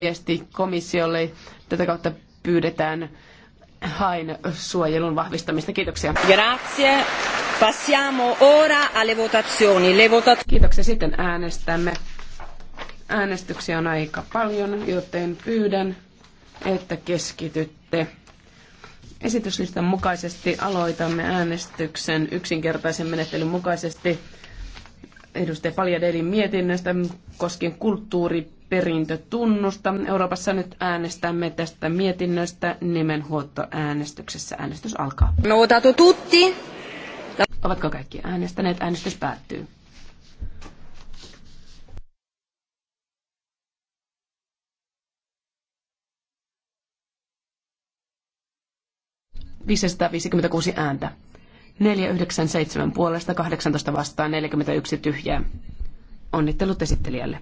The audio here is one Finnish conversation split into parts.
viesti komissiolle. Tätä kautta pyydetään hain suojelun vahvistamista. Kiitoksia. Grazie. Passiamo ora alle votazioni. Le votat- Kiitoksia. Sitten äänestämme. Äänestyksiä on aika paljon, joten pyydän, että keskitytte. Esityslistan mukaisesti aloitamme äänestyksen yksinkertaisen menettelyn mukaisesti edustaja Paljadelin mietinnöstä koskien kulttuuri perintötunnusta. Euroopassa nyt äänestämme tästä mietinnöstä nimenhuottoäänestyksessä. Äänestys alkaa. otatu tutti. Ovatko kaikki äänestäneet? Äänestys päättyy. kuusi ääntä. 497 puolesta, 18 vastaan, 41 tyhjää. Onnittelut esittelijälle.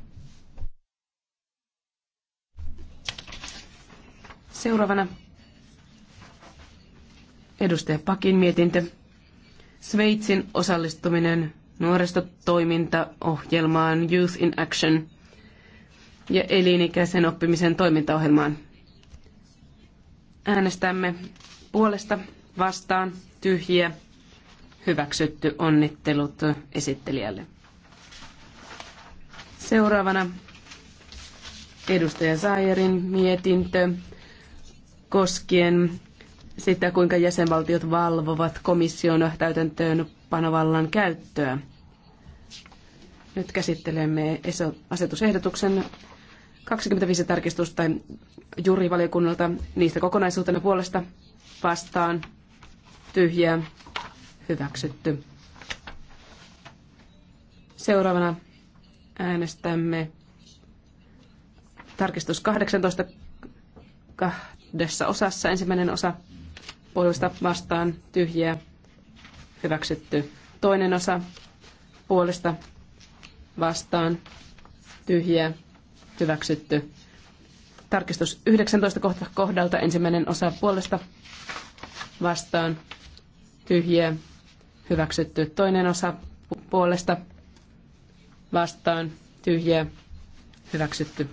Seuraavana edustaja Pakin mietintö. Sveitsin osallistuminen nuorisotoimintaohjelmaan Youth in Action ja elinikäisen oppimisen toimintaohjelmaan. Äänestämme puolesta, vastaan, tyhjiä, hyväksytty, onnittelut esittelijälle. Seuraavana edustaja Saajerin mietintö koskien sitä, kuinka jäsenvaltiot valvovat komission täytäntöön panovallan käyttöä. Nyt käsittelemme asetusehdotuksen 25 tarkistusta juurivaliokunnalta niistä kokonaisuutena puolesta vastaan tyhjää hyväksytty. Seuraavana äänestämme tarkistus 18 kuudessa osassa. Ensimmäinen osa puolesta vastaan tyhjiä hyväksytty. Toinen osa puolesta vastaan tyhjiä hyväksytty. Tarkistus 19 kohta kohdalta ensimmäinen osa puolesta vastaan tyhjiä hyväksytty. Toinen osa puolesta vastaan tyhjiä hyväksytty.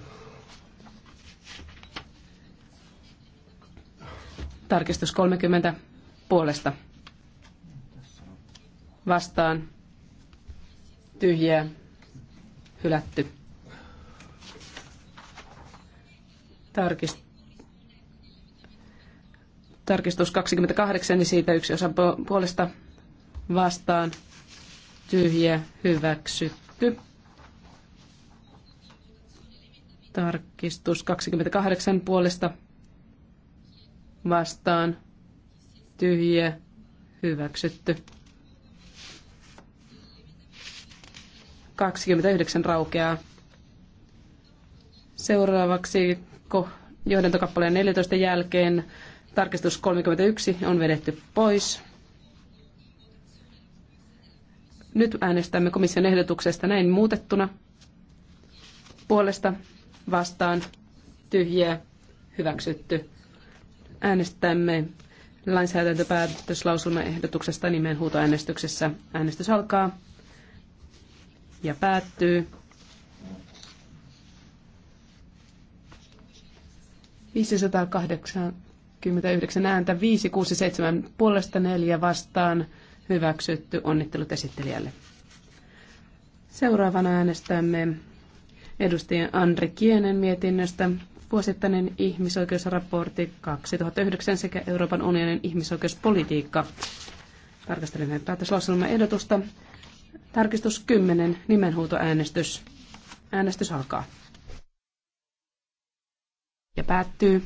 Tarkistus 30 puolesta. Vastaan. Tyhjää. Hylätty. Tarkistus. Tarkistus 28, niin siitä yksi osa puolesta vastaan tyhjä hyväksytty. Tarkistus 28 puolesta vastaan tyhjiä hyväksytty. 29 raukeaa. Seuraavaksi johdantokappaleen 14 jälkeen tarkistus 31 on vedetty pois. Nyt äänestämme komission ehdotuksesta näin muutettuna. Puolesta vastaan tyhjiä hyväksytty äänestämme lainsäädäntöpäätöslauselmaehdotuksesta nimeen huutoäänestyksessä. Äänestys alkaa ja päättyy. 589 ääntä, 567 puolesta, 4 vastaan. Hyväksytty. Onnittelut esittelijälle. Seuraavana äänestämme edustajan Andre Kienen mietinnöstä vuosittainen ihmisoikeusraportti 2009 sekä Euroopan unionin ihmisoikeuspolitiikka. Tarkastelemme päätöslauselman ehdotusta. Tarkistus 10, nimenhuutoäänestys. Äänestys alkaa. Ja päättyy.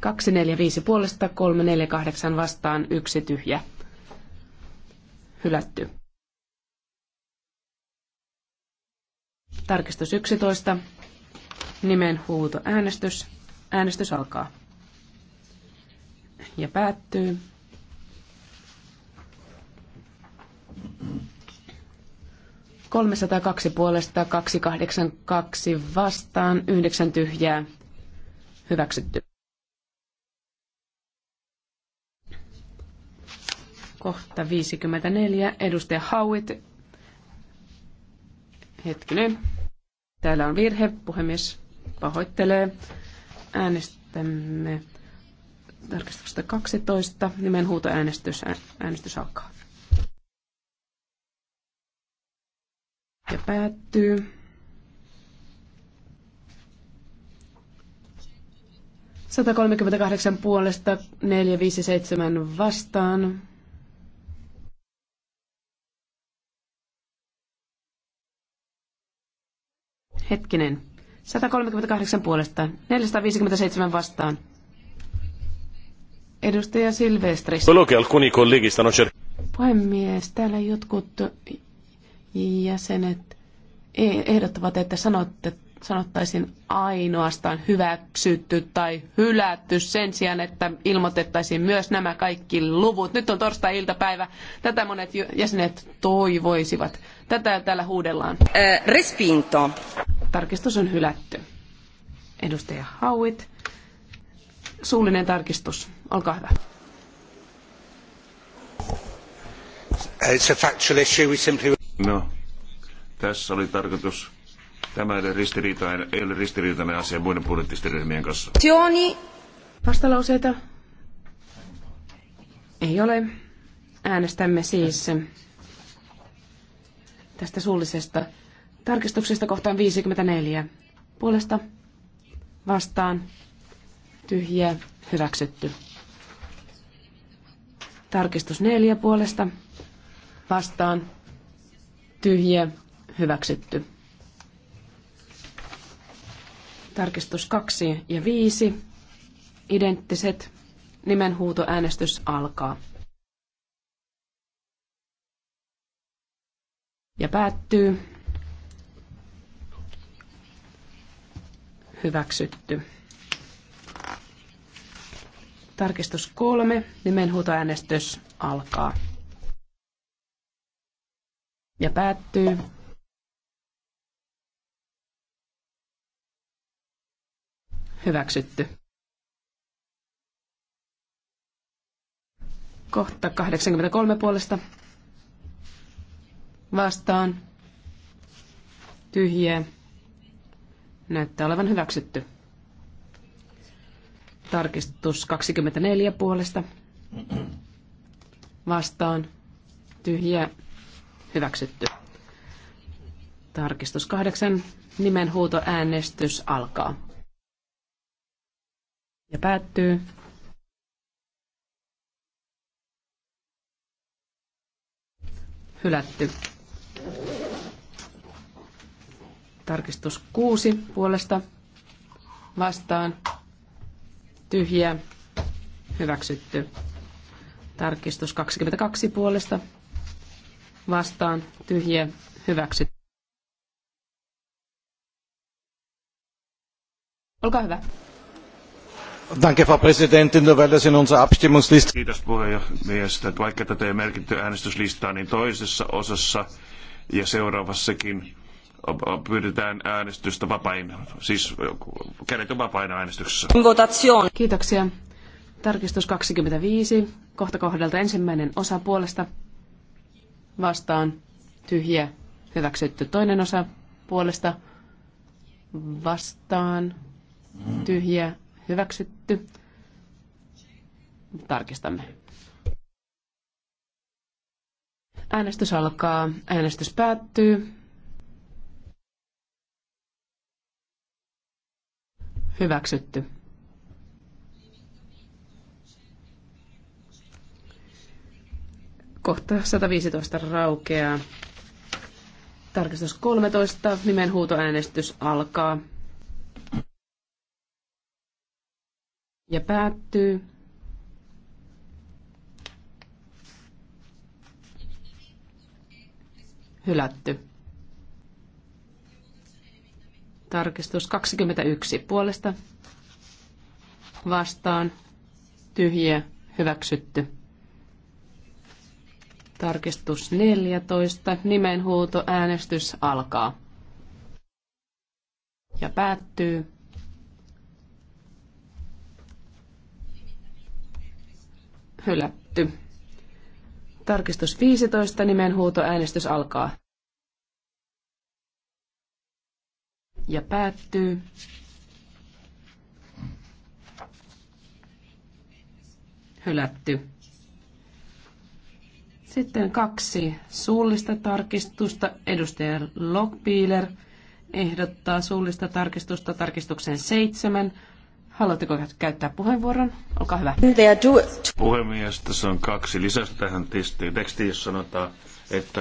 Kaksi neljä viisi puolesta, kolme neljä kahdeksan vastaan, yksi tyhjä. Hylätty. Tarkistus 11. Nimen huuto äänestys. Äänestys alkaa. Ja päättyy. kaksi puolesta, 282 vastaan, 9 tyhjää, hyväksytty. Kohta 54, edustaja Hauit, Hetkinen. Täällä on virhe. Puhemies pahoittelee. Äänestämme tarkistuksesta 12. Nimen huuto Äänestys alkaa. Ja päättyy. kolmekymmentäkahdeksan puolesta, seitsemän vastaan. Hetkinen. 138 puolesta, 457 vastaan. Edustaja Silvestris. Puhemies, täällä jotkut jäsenet e- ehdottavat, että sanotte, sanottaisiin ainoastaan hyväksytty tai hylätty sen sijaan, että ilmoitettaisiin myös nämä kaikki luvut. Nyt on torstai-iltapäivä. Tätä monet jäsenet toivoisivat. Tätä täällä huudellaan. Äh, respinto. Tarkistus on hylätty. Edustaja Hauit. Suullinen tarkistus. Olkaa hyvä. Uh, no, tässä oli tarkoitus. Tämä ei ole ristiriitainen, ei ole ristiriitainen asia muiden budjettisten ryhmien kanssa. Tioni. Vastalauseita? Ei ole. Äänestämme siis tästä suullisesta Tarkistuksesta kohtaan 54. Puolesta vastaan tyhjiä hyväksytty. Tarkistus 4 puolesta vastaan tyhjiä hyväksytty. Tarkistus 2 ja 5 identtiset nimenhuutoäänestys alkaa. Ja päättyy. hyväksytty. Tarkistus kolme, nimenhuutoäänestys alkaa. Ja päättyy. Hyväksytty. Kohta 83 puolesta. Vastaan. Tyhjää. Näyttää olevan hyväksytty. Tarkistus 24 puolesta. Vastaan. Tyhjä. Hyväksytty. Tarkistus 8. Nimenhuutoäänestys alkaa. Ja päättyy. Hylätty. Tarkistus 6 puolesta vastaan. Tyhjä. Hyväksytty. Tarkistus 22 puolesta vastaan. Tyhjä. Hyväksytty. Olkaa hyvä. Danke, Frau Präsidentin. Nur weil das in unserer Abstimmungsliste... Kiitos puheenjohtajasta. Vaikka tätä ei merkitty äänestyslistaa, niin toisessa osassa ja seuraavassakin pyydetään äänestystä vapain, siis kädet on vapaina äänestyksessä. Kiitoksia. Tarkistus 25. Kohta kohdalta ensimmäinen osa puolesta. Vastaan. Tyhjä. Hyväksytty toinen osa puolesta. Vastaan. Tyhjä. Hyväksytty. Tarkistamme. Äänestys alkaa. Äänestys päättyy. Hyväksytty. Kohta 115 raukeaa. Tarkistus 13. Nimenhuutoäänestys alkaa. Ja päättyy. Hylätty. Tarkistus 21 puolesta vastaan tyhjiä hyväksytty. Tarkistus 14. Nimenhuuto äänestys alkaa. Ja päättyy. Hylätty. Tarkistus 15. Nimenhuuto äänestys alkaa. ja päättyy. Hylätty. Sitten kaksi suullista tarkistusta. Edustaja Lockbeeler ehdottaa suullista tarkistusta tarkistukseen seitsemän. Haluatteko käyttää puheenvuoron? Olkaa hyvä. Puhemies, tässä on kaksi lisästä tähän tekstiin, jossa sanotaan, että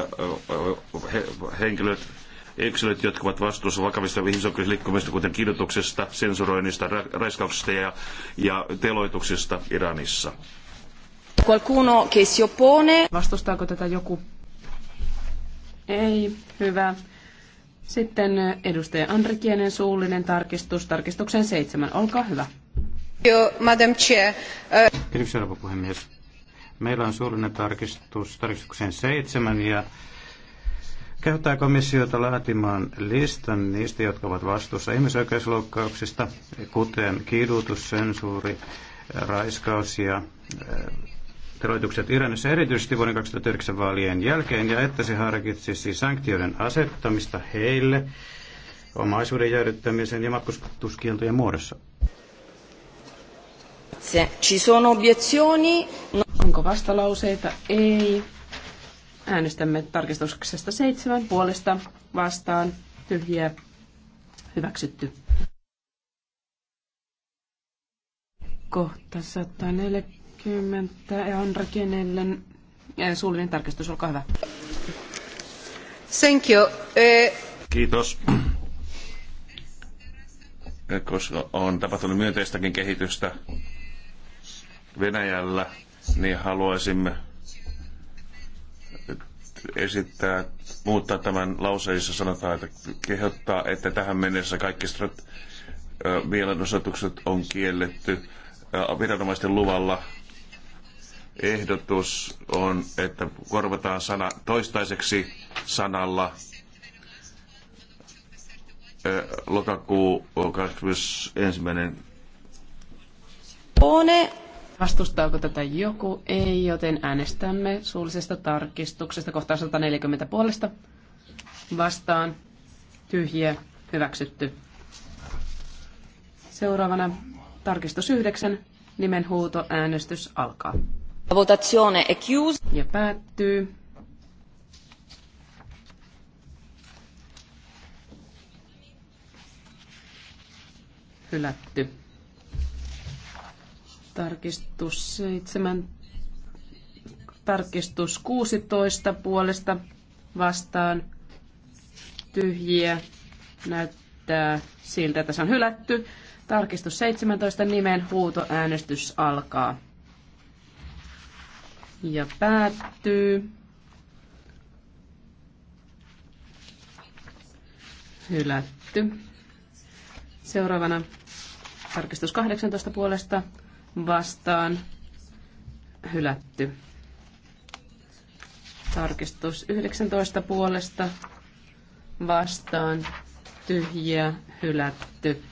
henkilöt yksilöt, jotka ovat vastuussa vakavista ihmisoikeusliikkumista, kuten kidutuksesta, sensuroinnista, raiskauksesta ja, ja teloituksesta Iranissa. Qualcuno che si oppone. Vastustaako tätä joku? Ei, hyvä. Sitten edustaja Andrikienen suullinen tarkistus, tarkistuksen seitsemän. Olkaa hyvä. Madam Chair. Kiitoksia, rouva puhemies. Meillä on suullinen tarkistus tarkistuksen seitsemän ja kehottaa komissiota laatimaan listan niistä, jotka ovat vastuussa ihmisoikeusloukkauksista, kuten kidutus, sensuuri, raiskaus ja eh, teloitukset Iranissa erityisesti vuoden 2009 vaalien jälkeen, ja että se harkitsisi sanktioiden asettamista heille omaisuuden jäädyttämisen ja matkustuskieltojen muodossa. Ci sono obiezioni? Onko vastalauseita? Ei. Äänestämme tarkistuksesta seitsemän puolesta vastaan tyhjiä hyväksytty. Kohta 140 ja on rakennellen suullinen tarkistus, olkaa hyvä. Thank you. Eh. Kiitos. Eh, koska on tapahtunut myönteistäkin kehitystä Venäjällä, niin haluaisimme esittää muuttaa tämän lauseen, jossa sanotaan, että kehottaa, että tähän mennessä kaikki strat- mielenosoitukset on kielletty viranomaisten luvalla. Ehdotus on, että korvataan sana toistaiseksi sanalla lokakuu 21. Pone Vastustaako tätä joku? Ei, joten äänestämme suullisesta tarkistuksesta kohtaan 140 puolesta. Vastaan. Tyhjiä. Hyväksytty. Seuraavana tarkistus 9. huuto, Äänestys alkaa. Votazione è chiusa. Ja päättyy. Hylätty. Tarkistus 7. Tarkistus 16 puolesta vastaan tyhjiä. Näyttää siltä, että se on hylätty. Tarkistus 17 nimen huutoäänestys alkaa. Ja päättyy. Hylätty. Seuraavana tarkistus 18 puolesta vastaan hylätty. Tarkistus 19 puolesta vastaan tyhjiä hylätty.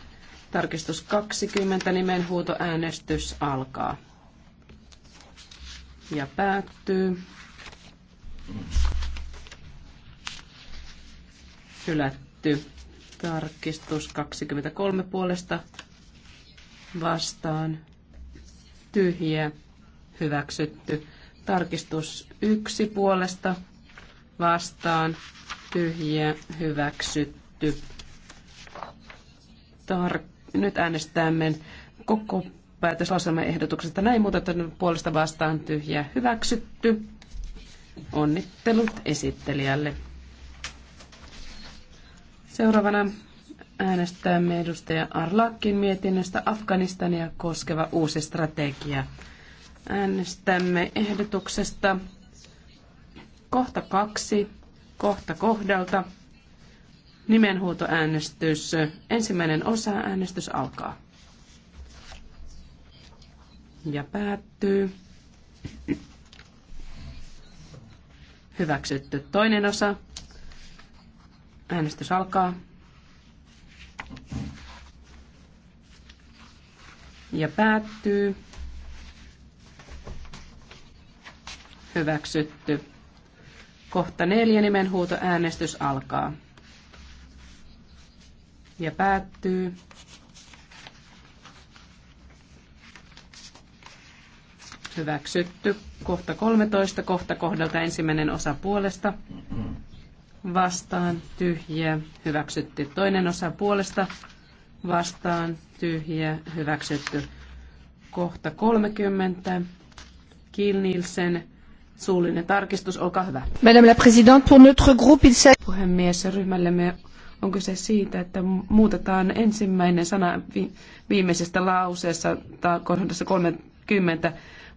Tarkistus 20 nimen huutoäänestys alkaa ja päättyy. Hylätty. Tarkistus 23 puolesta vastaan tyhjiä hyväksytty. Tarkistus yksi puolesta vastaan tyhjiä hyväksytty. Tar- Nyt äänestämme koko ehdotuksesta näin muutettuna puolesta vastaan tyhjiä hyväksytty. Onnittelut esittelijälle. Seuraavana äänestämme edustaja Arlakin mietinnöstä Afganistania koskeva uusi strategia. Äänestämme ehdotuksesta kohta kaksi, kohta kohdalta. Nimenhuutoäänestys. Ensimmäinen osa äänestys alkaa. Ja päättyy. Hyväksytty toinen osa. Äänestys alkaa ja päättyy. Hyväksytty. Kohta neljä nimenhuuto äänestys alkaa. Ja päättyy. Hyväksytty. Kohta 13. Kohta kohdalta ensimmäinen osa puolesta vastaan tyhjiä hyväksytty. Toinen osa puolesta vastaan tyhjiä hyväksytty. Kohta 30. Kill Nielsen, suullinen tarkistus, olkaa hyvä. Madame la Présidente, pour notre groupe, il Puhemies, ryhmällemme on kyse siitä, että muutetaan ensimmäinen sana vi- viimeisestä lauseessa tai kohdassa 30.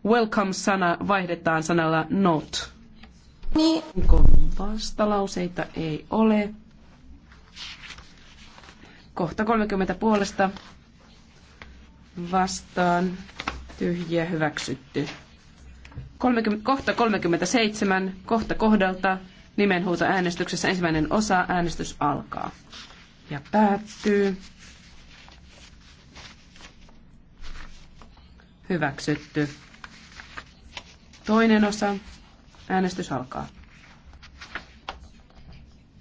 Welcome-sana vaihdetaan sanalla not. Niin. Onko vastalauseita? Ei ole. Kohta 30 puolesta vastaan tyhjiä hyväksytty. 30, kohta 37, kohta kohdalta nimenhuuto äänestyksessä ensimmäinen osa, äänestys alkaa ja päättyy. Hyväksytty. Toinen osa, Äänestys alkaa.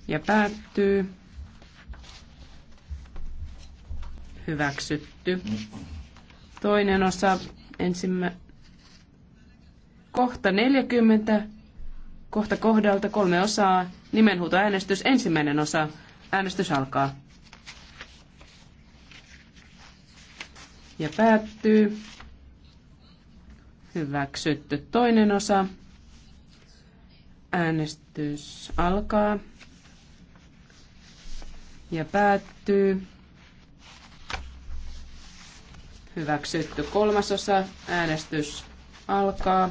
Ja päättyy. Hyväksytty. Toinen osa ensimmä... Kohta 40. Kohta kohdalta kolme osaa. Nimenhuutoäänestys. Ensimmäinen osa. Äänestys alkaa. Ja päättyy. Hyväksytty toinen osa. Äänestys alkaa ja päättyy. Hyväksytty kolmasosa. Äänestys alkaa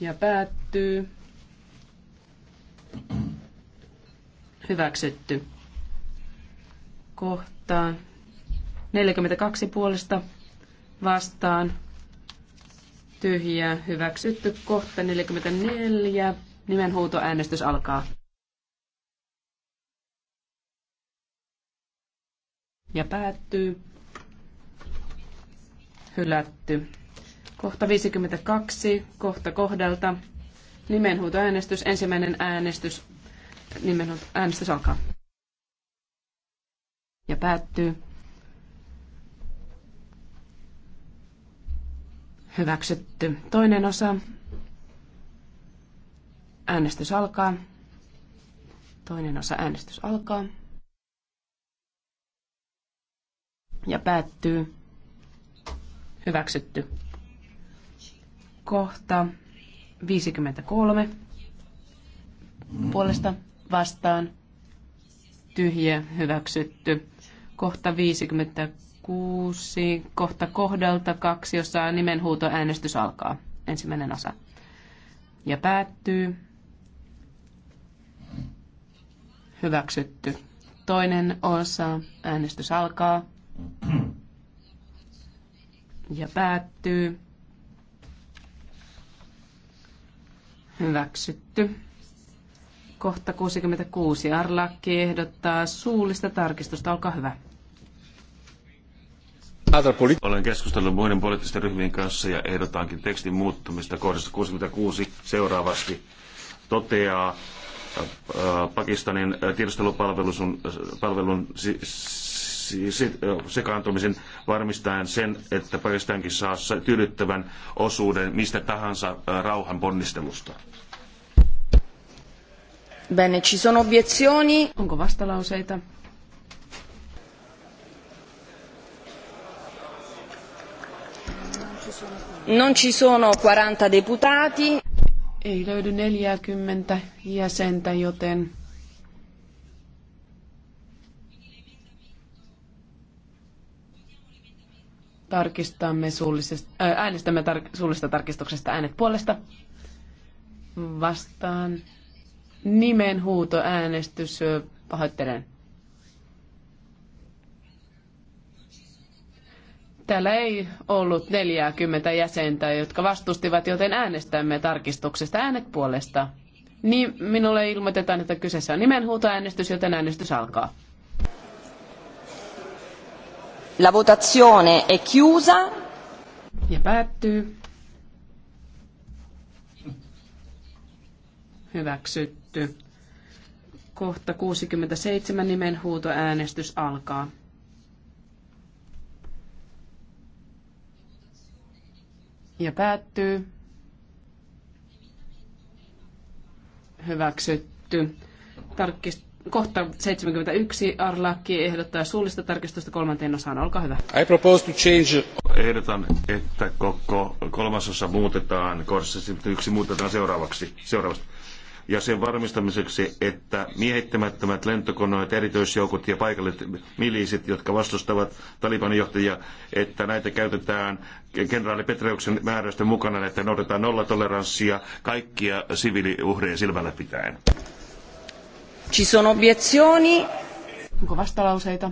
ja päättyy. Hyväksytty. Kohtaan 42 puolesta vastaan tyhjä hyväksytty. Kohta 44, nimenhuutoäänestys alkaa. Ja päättyy. Hylätty. Kohta 52, kohta kohdalta. Nimenhuutoäänestys, ensimmäinen äänestys. Nimenhuutoäänestys alkaa. Ja päättyy. Hyväksytty. Toinen osa. Äänestys alkaa. Toinen osa äänestys alkaa. Ja päättyy. Hyväksytty. Kohta 53. Puolesta vastaan. Tyhjä. Hyväksytty. Kohta 53 kuusi kohta kohdalta kaksi, jossa nimenhuutoäänestys alkaa. Ensimmäinen osa. Ja päättyy. Hyväksytty. Toinen osa. Äänestys alkaa. Ja päättyy. Hyväksytty. Kohta 66. Arlakki ehdottaa suullista tarkistusta. Olkaa hyvä. Olen keskustellut muiden poliittisten ryhmien kanssa ja ehdotankin tekstin muuttumista kohdassa 66 seuraavasti toteaa äh, äh, Pakistanin äh, tiedustelupalvelun palvelun sekaantumisen varmistaen sen, että Pakistankin saa tyydyttävän osuuden mistä tahansa rauhan ponnistelusta. Bene, ci sono obiezioni. Onko vastalauseita? Non ci sono 40 deputati. Ei löydy 40 jäsentä, joten tarkistamme suullisesta, ää, äh, äänestämme tar- suullisesta tarkistuksesta äänet puolesta. Vastaan nimen huuto äänestys. Äh, pahoittelen. Täällä ei ollut 40 jäsentä, jotka vastustivat, joten äänestämme tarkistuksesta äänet puolesta. Niin minulle ilmoitetaan, että kyseessä on nimenhuutoäänestys, joten äänestys alkaa. La votazione è chiusa. Ja päättyy. Hyväksytty. Kohta 67 nimenhuutoäänestys alkaa. ja päättyy. Hyväksytty. Tarkist, kohta 71 Arlaki ehdottaa suullista tarkistusta kolmanteen osaan. Olkaa hyvä. I propose to change... Ehdotan, että koko kolmasosa muutetaan, kohdassa yksi muutetaan seuraavaksi. seuraavaksi ja sen varmistamiseksi, että miehittämättömät lentokoneet, erityisjoukot ja paikalliset miliisit, jotka vastustavat Talibanin johtajia, että näitä käytetään kenraali Petreuksen määräysten mukana, että noudatetaan nollatoleranssia kaikkia siviiliuhreja silmällä pitäen. Ci sono obiezioni? Onko vastalauseita?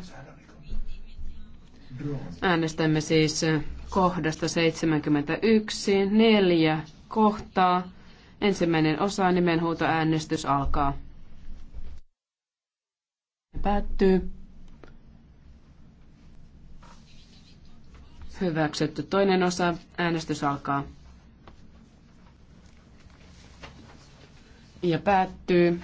Äänestämme siis kohdasta 71, neljä kohtaa. Ensimmäinen osa nimenhuutoäänestys alkaa. Päättyy. Hyväksytty. Toinen osa. Äänestys alkaa. Ja päättyy.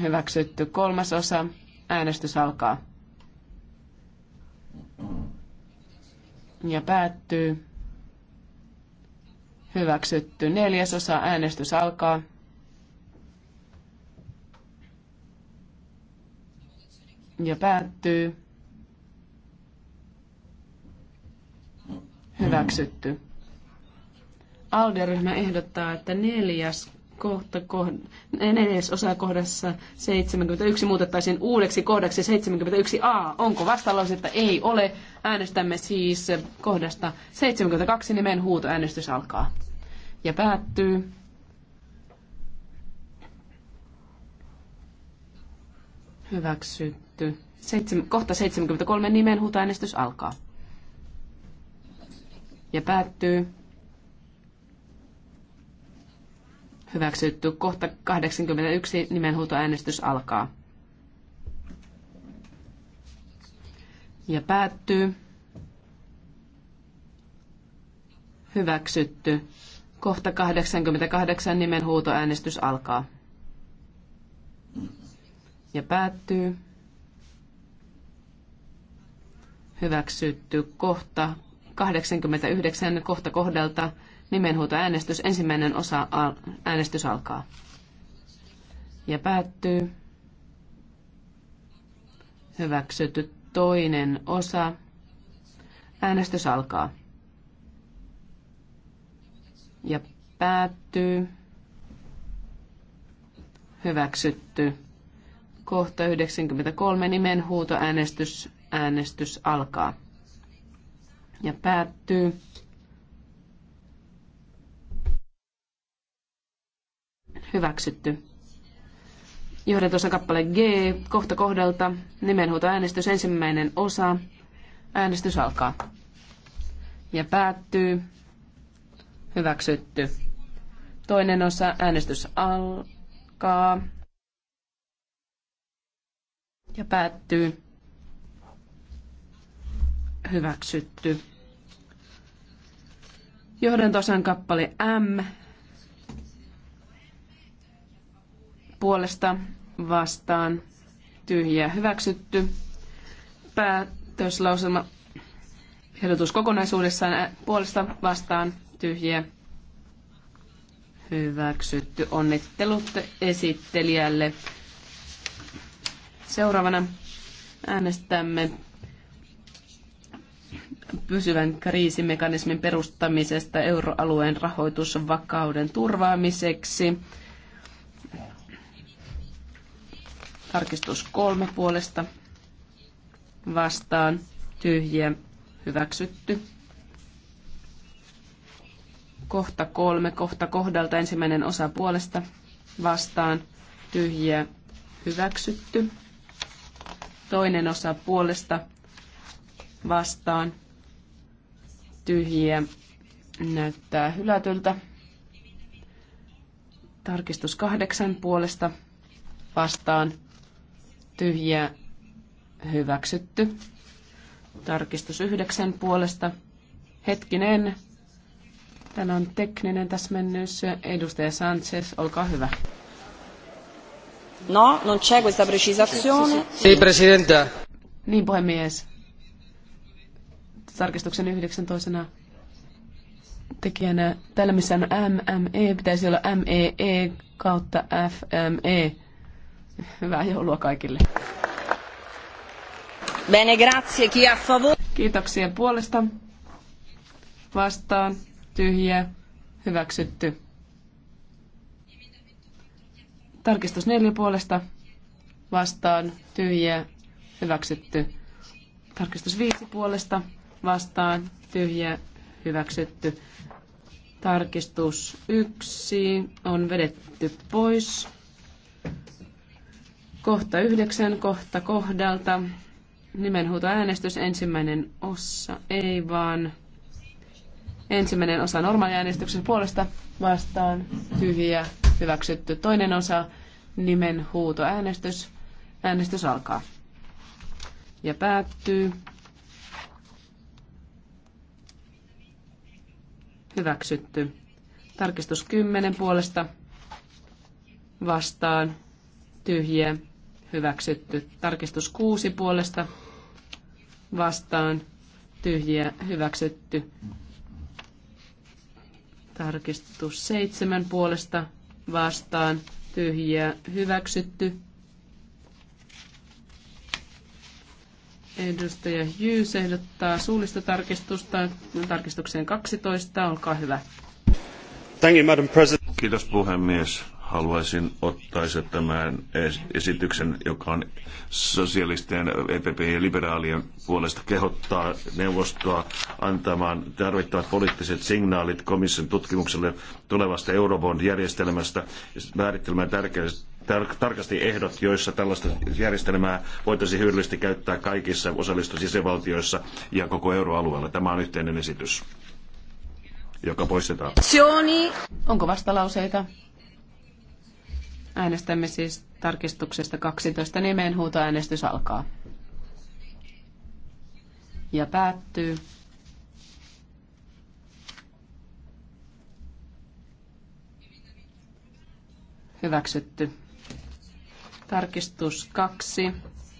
Hyväksytty. Kolmas osa. Äänestys alkaa. Ja päättyy. Hyväksytty. Neljäsosa. Äänestys alkaa. Ja päättyy. Hyväksytty. Alderyhmä ehdottaa, että neljäs kohta, osa kohdassa 71 muutettaisiin uudeksi kohdaksi 71a. Onko että Ei ole. Äänestämme siis kohdasta 72 nimen niin huuto. Äänestys alkaa ja päättyy. Hyväksytty. Seitsemän, kohta 73 nimen niin huutoäänestys alkaa. Ja päättyy. Hyväksytty. Kohta 81 nimenhuutoäänestys alkaa. Ja päättyy. Hyväksytty. Kohta 88 nimenhuutoäänestys alkaa. Ja päättyy. Hyväksytty. Kohta 89 kohta kohdalta Nimenhuutoäänestys. Ensimmäinen osa al- äänestys alkaa. Ja päättyy. Hyväksytty toinen osa. Äänestys alkaa. Ja päättyy. Hyväksytty. Kohta 93 nimenhuutoäänestys. Äänestys alkaa. Ja päättyy Hyväksytty. Johdantosan kappale G, kohta kohdalta, äänestys ensimmäinen osa. Äänestys alkaa. Ja päättyy. Hyväksytty. Toinen osa, äänestys alkaa. Ja päättyy. Hyväksytty. Johdantosan kappale M, puolesta vastaan tyhjää hyväksytty. Päätöslauselma ehdotus kokonaisuudessaan puolesta vastaan tyhjää hyväksytty. Onnittelut esittelijälle. Seuraavana äänestämme pysyvän kriisimekanismin perustamisesta euroalueen rahoitusvakauden turvaamiseksi. Tarkistus kolme puolesta vastaan tyhjiä hyväksytty. Kohta kolme, kohta kohdalta ensimmäinen osa puolesta vastaan tyhjiä hyväksytty. Toinen osa puolesta vastaan tyhjiä näyttää hylätyltä. Tarkistus kahdeksan puolesta vastaan tyhjiä hyväksytty. Tarkistus yhdeksän puolesta. Hetkinen. Täällä on tekninen täsmennys. Edustaja Sanchez, olkaa hyvä. No, non c'è questa precisazione. Sì, presidenta. Niin, puhemies. Tarkistuksen toisena tekijänä täällä missä on MME, pitäisi olla MEE e kautta FME. Hyvää joulua kaikille. Bene, grazie. Chi a favore? Kiitoksia puolesta. Vastaan. Tyhjä. Hyväksytty. Tarkistus neljä puolesta. Vastaan. Tyhjä. Hyväksytty. Tarkistus viisi puolesta. Vastaan. Tyhjä. Hyväksytty. Tarkistus yksi on vedetty pois. Kohta yhdeksän, kohta kohdalta. Nimenhuutoäänestys ensimmäinen osa, ei vaan ensimmäinen osa normaaliäänestyksen puolesta vastaan, tyhjä hyväksytty. Toinen osa, nimenhuutoäänestys, äänestys alkaa ja päättyy. Hyväksytty. Tarkistus 10 puolesta vastaan. tyhjä hyväksytty. Tarkistus 6 puolesta vastaan tyhjiä hyväksytty. Tarkistus 7 puolesta vastaan tyhjiä hyväksytty. Edustaja Jyys ehdottaa suullista tarkistusta tarkistukseen 12. Olkaa hyvä. Thank you, Madam President. Kiitos puhemies haluaisin ottaisi tämän esityksen, joka on sosialisten, EPP ja liberaalien puolesta kehottaa neuvostoa antamaan tarvittavat poliittiset signaalit komission tutkimukselle tulevasta Eurobond-järjestelmästä määrittelemään tärkeästä tarkasti ehdot, joissa tällaista järjestelmää voitaisiin hyödyllisesti käyttää kaikissa osallistusjäsenvaltioissa ja koko euroalueella. Tämä on yhteinen esitys, joka poistetaan. Onko vastalauseita? Äänestämme siis tarkistuksesta 12 nimeen huutoäänestys alkaa. Ja päättyy. Hyväksytty. Tarkistus 2.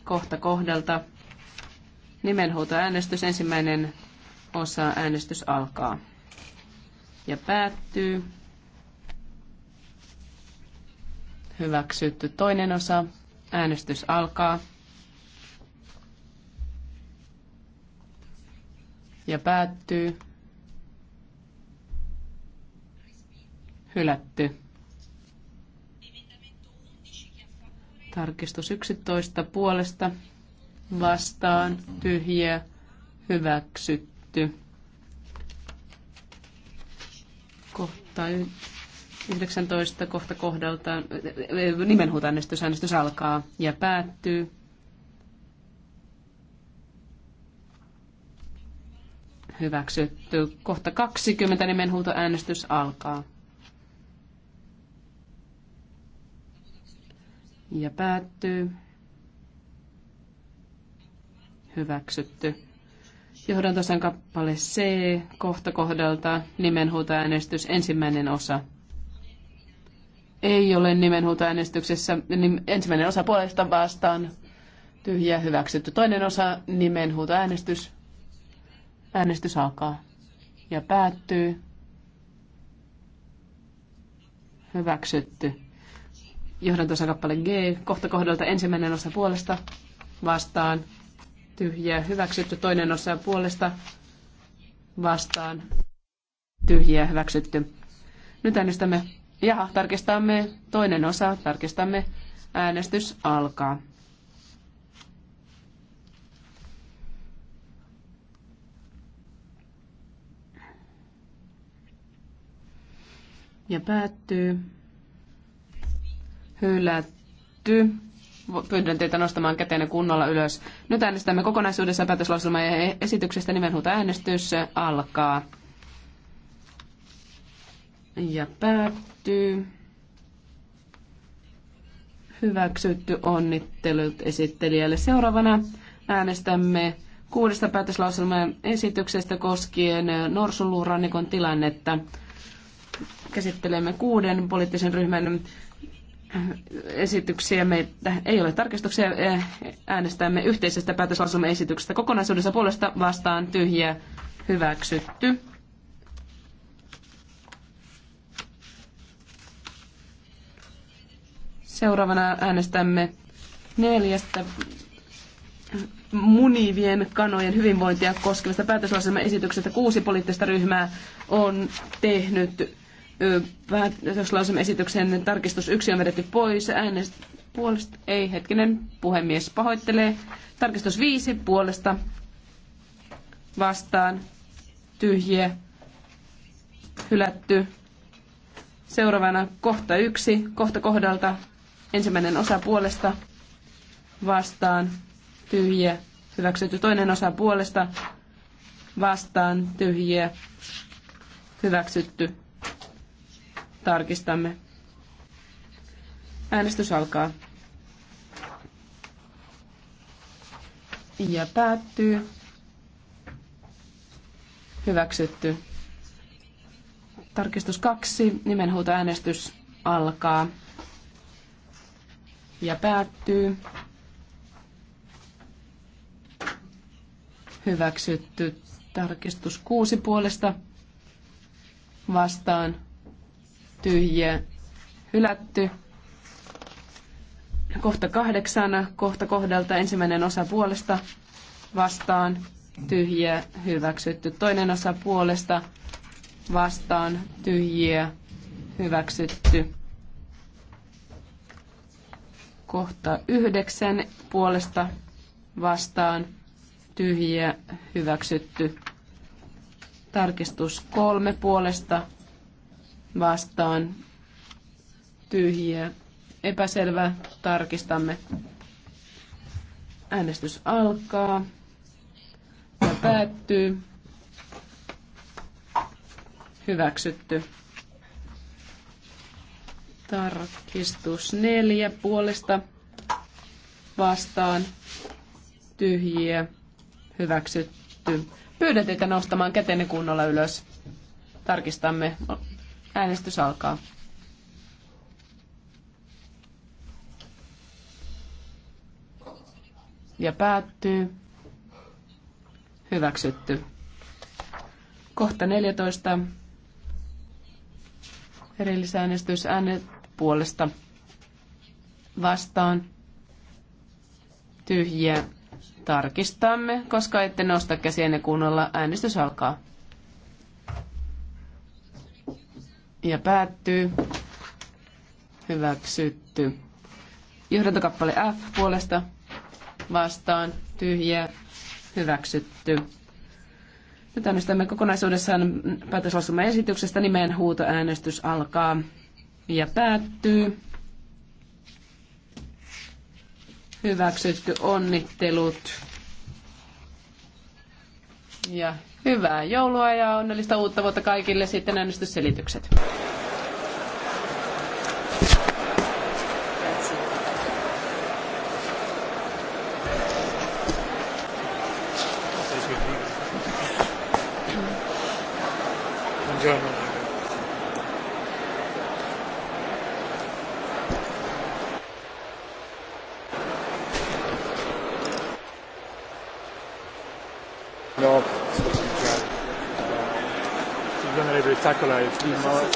Kohta kohdalta. Nimenhuutoäänestys. Ensimmäinen osa äänestys alkaa. Ja päättyy. Hyväksytty toinen osa. Äänestys alkaa. Ja päättyy. Hylätty. Tarkistus 11 puolesta vastaan tyhjiä hyväksytty. Kohta 19 kohta kohdalta, eh, nimenhuutoäänestys äänestys alkaa ja päättyy. Hyväksytty. Kohta 20 nimenhuutoäänestys alkaa. Ja päättyy. Hyväksytty. Johdantosan kappale C, kohta kohdalta nimenhuutoäänestys, ensimmäinen osa ei ole nimenhuutoäänestyksessä. Ensimmäinen osa puolesta vastaan. Tyhjä hyväksytty. Toinen osa nimenhuutoäänestys. Äänestys alkaa ja päättyy. Hyväksytty. Johdantosakappale G. Kohta kohdalta ensimmäinen osa puolesta vastaan. Tyhjä hyväksytty. Toinen osa puolesta vastaan. Tyhjä hyväksytty. Nyt äänestämme ja tarkistamme toinen osa, tarkistamme. Äänestys alkaa. Ja päättyy. Hylätty. Pyydän teitä nostamaan käteenne kunnolla ylös. Nyt äänestämme kokonaisuudessaan päätöslauselman esityksestä nimenhuuta äänestys alkaa ja päättyy. Hyväksytty onnittelut esittelijälle. Seuraavana äänestämme kuudesta päätöslauselman esityksestä koskien norsunluurannikon tilannetta. Käsittelemme kuuden poliittisen ryhmän esityksiä. Meitä ei ole tarkistuksia. Äänestämme yhteisestä päätöslauselman esityksestä kokonaisuudessa puolesta vastaan tyhjä hyväksytty. Seuraavana äänestämme neljästä munivien kanojen hyvinvointia koskevasta esityksestä. kuusi poliittista ryhmää on tehnyt esityksen tarkistus yksi on vedetty pois. Äänest puolesta, ei hetkinen, puhemies pahoittelee. Tarkistus viisi puolesta vastaan tyhjiä hylätty. Seuraavana kohta yksi, kohta kohdalta Ensimmäinen osa puolesta vastaan tyhjiä hyväksytty. Toinen osa puolesta vastaan tyhjiä hyväksytty. Tarkistamme. Äänestys alkaa. Ja päättyy. Hyväksytty. Tarkistus kaksi. Nimenhuutoäänestys alkaa ja päättyy. Hyväksytty tarkistus kuusi puolesta vastaan tyhjiä hylätty. Kohta kahdeksana, kohta kohdalta ensimmäinen osa puolesta vastaan tyhjiä hyväksytty. Toinen osa puolesta vastaan tyhjiä hyväksytty kohta yhdeksän puolesta vastaan tyhjiä hyväksytty. Tarkistus kolme puolesta vastaan tyhjiä epäselvä. Tarkistamme. Äänestys alkaa ja päättyy. Hyväksytty. Tarkistus neljä puolesta vastaan tyhjiä hyväksytty. Pyydän teitä nostamaan kätenne kunnolla ylös. Tarkistamme. Äänestys alkaa. Ja päättyy. Hyväksytty. Kohta 14. Erillisäänestys. Äänet puolesta vastaan tyhjiä. Tarkistamme, koska ette nosta ennen kunnolla. Äänestys alkaa. Ja päättyy. Hyväksytty. Johdantokappale F puolesta vastaan tyhjiä. Hyväksytty. Nyt äänestämme kokonaisuudessaan päätöslausumaesityksestä esityksestä. Nimeen huutoäänestys alkaa ja päättyy. Hyväksytty onnittelut. Ja hyvää joulua ja onnellista uutta vuotta kaikille sitten äänestysselitykset. Gracias. Niin,